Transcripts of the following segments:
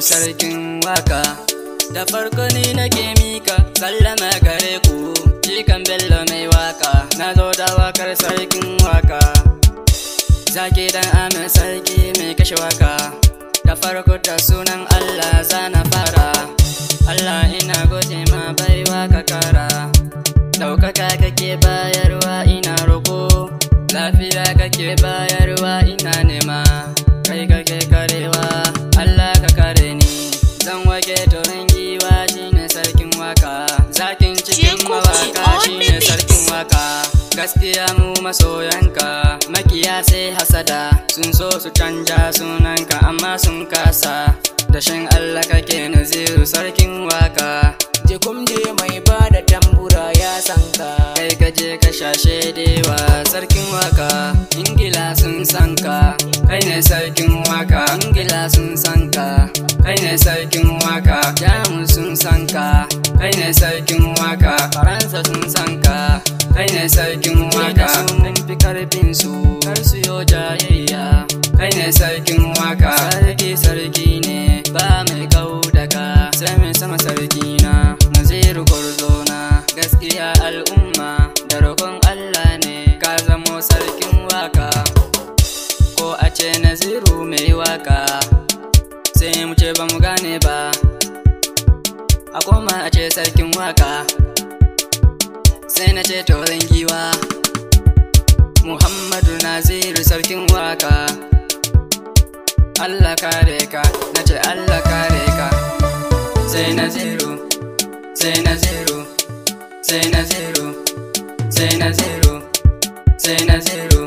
Sarkin waka da farko ni nake mika sallama gare ku jikan bello mai waka na zo da wakar sarkin waka zaki dan amin sarki mai kashe waka da farko da sunan Allah zana fara Allah ina gode ma baiwa ka kara daukaka kake bayarwa ina roko lafiya kake bayarwa ina masoyanka makiya sai hasada sun so su canja sunanka amma sun kasa dashin Allah kake naziru sarkin waka jikumje mai bada tambura ya sanka kai je ka shashe dewa sarkin waka ingila sun sanka kai ne sarkin waka ingila sun sanka kai ne sarkin waka jamus sun sanka kai ne sarkin waka sama sarkina naziru na. gaskiya al'umma da rokon allah ne ka zamo sarkin waka ko a ce naziru mai waka sai mu ce ba mu gane ba a koma a ce sarkin waka sai na ce taurin giwa muhammadu naziru sarkin waka allah kare ka na ce allah sai na zero sai na zero sai na zero sai na zero sai zero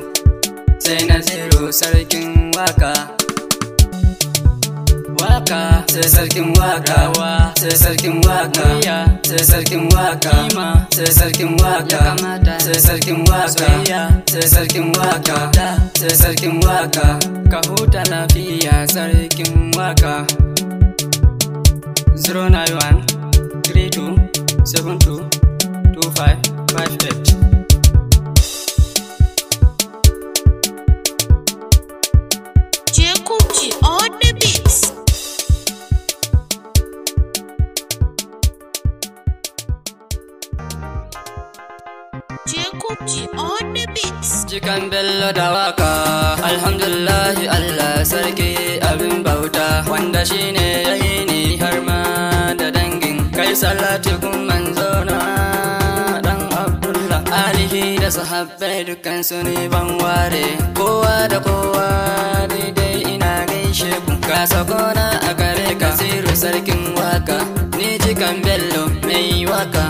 zero sarkin waka waka sai sarkin waka wa sai sarkin waka ya sai sarkin waka ima sai sarkin waka sai sarkin waka sai sarkin waka sai sarkin waka ka huta lafiya sarkin waka zero nine one three two seven two two five five eight. Jikan bello da waka, alhamdulillahi Allah sarki abin bauta, wanda shine salati manzo na dan abdullah alihi da sahabbai dukkan su ne ban ware kowa da kowa daidai ina gaishe ku ka na a gare ka siru sarkin waka ni cikan bello mai waka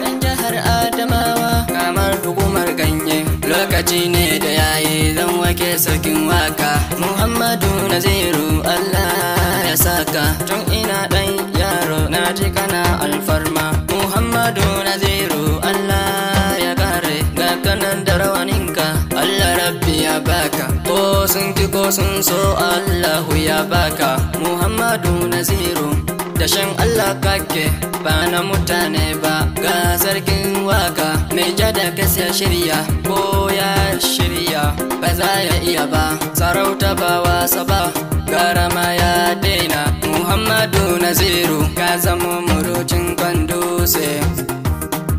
Dan jihar adamawa kamar hukumar ganye lokaci ne da yayi zan wake sarkin waka muhammadu naziru allah ya saka tun ina yaro na ji kana alfarma muhammadu naziru allah ya kare ga kanan da rawaninka allah rabbi ya baka ko sun ki ko sun so allahu ya baka muhammadu naziru Ƙarshen Allah kake ba na mutane ba ga sarkin waka mai jada kasi shirya ko ya shirya ba za ya iya ba sarauta ba wasa ba garama ya daina Muhammadu Naziru ka zama murucin kwando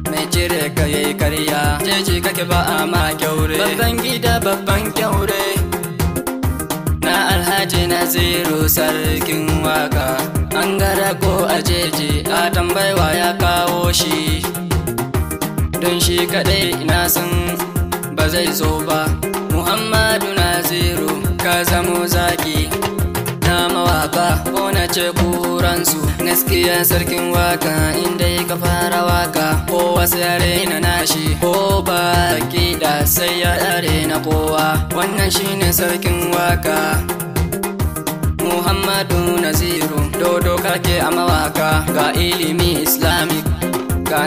mai cire kai karya jeji kake ba a ma kyaure babban gida babban kyaure na alhaji Naziru sarkin waka gangara ko a jeje a tambaiwa ya kawo shi don shi kaɗai ina san ba zai zo ba muhammadu naziru ka zamo zaki na mawaka ko na ce kuransu gaskiya sarkin waka inda ka fara waka ko wasu yare na nashi ko ba kiɗa sai ya yare na kowa wannan shine sarkin waka muhammadu naziru dodo kake a mawaka ga ilimi islamik ga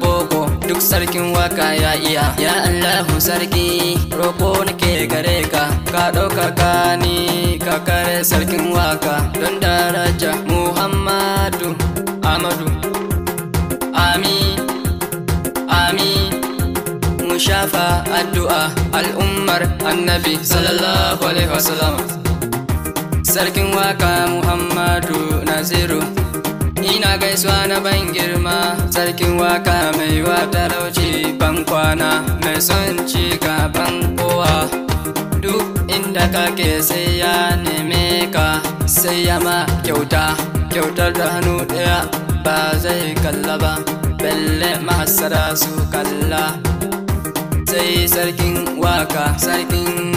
boko duk sarkin waka ya iya ya allahu sarki roko nake gare ka ka ɗauka kani ka kare sarkin waka don daraja muhammadu amadu amin ami mu shafa addu'a al'ummar annabi sallallahu alaihi wasallam sarkin waka muhammadu naziru ina gaisuwa na ban girma sarkin waka mai wata talauci ban kwana mai son ci gaban kowa duk inda kake sai ya neme ka sai ya ma kyauta kyautar da hannu ɗaya ba zai kalla ba belle mahasara su kalla sai sarkin waka sarkin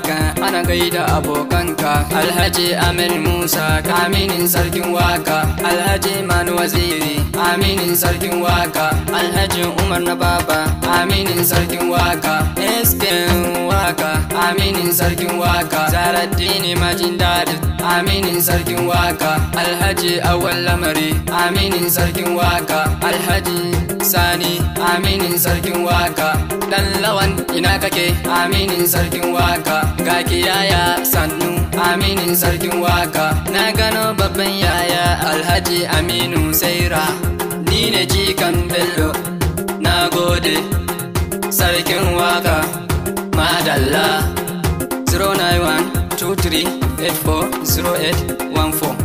ka ana gaida abokanka alhaji amin musa aminin sarkin waka alhaji manu waziri aminin sarkin waka alhaji umar na baba aminin sarkin waka eskin waka aminin sarkin waka zaraddini majin dadin aminin sarkin waka alhaji awal lamari aminin sarkin waka alhaji sani aminin sarkin waka dan lawan ina kake aminin sarkin waka ga ki yaya sannu aminin sarkin waka na gano babban yaya alhaji aminu saira ni ne jikan bello na gode sarkin waka madalla 091 23 84 08 14